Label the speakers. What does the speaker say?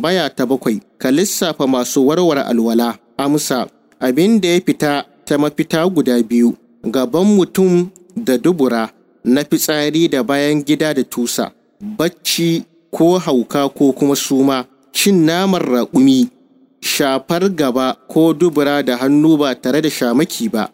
Speaker 1: Tambaya ta bakwai, ka lissafa masu warware alwala. Amsa, abin da ya fita ta mafita guda biyu, gaban mutum da dubura, na fitsari da bayan gida da tusa, bacci ko hauka ko kuma suma, cin naman raƙumi, shafar gaba ko dubura da hannu ba
Speaker 2: tare da shamaki ba.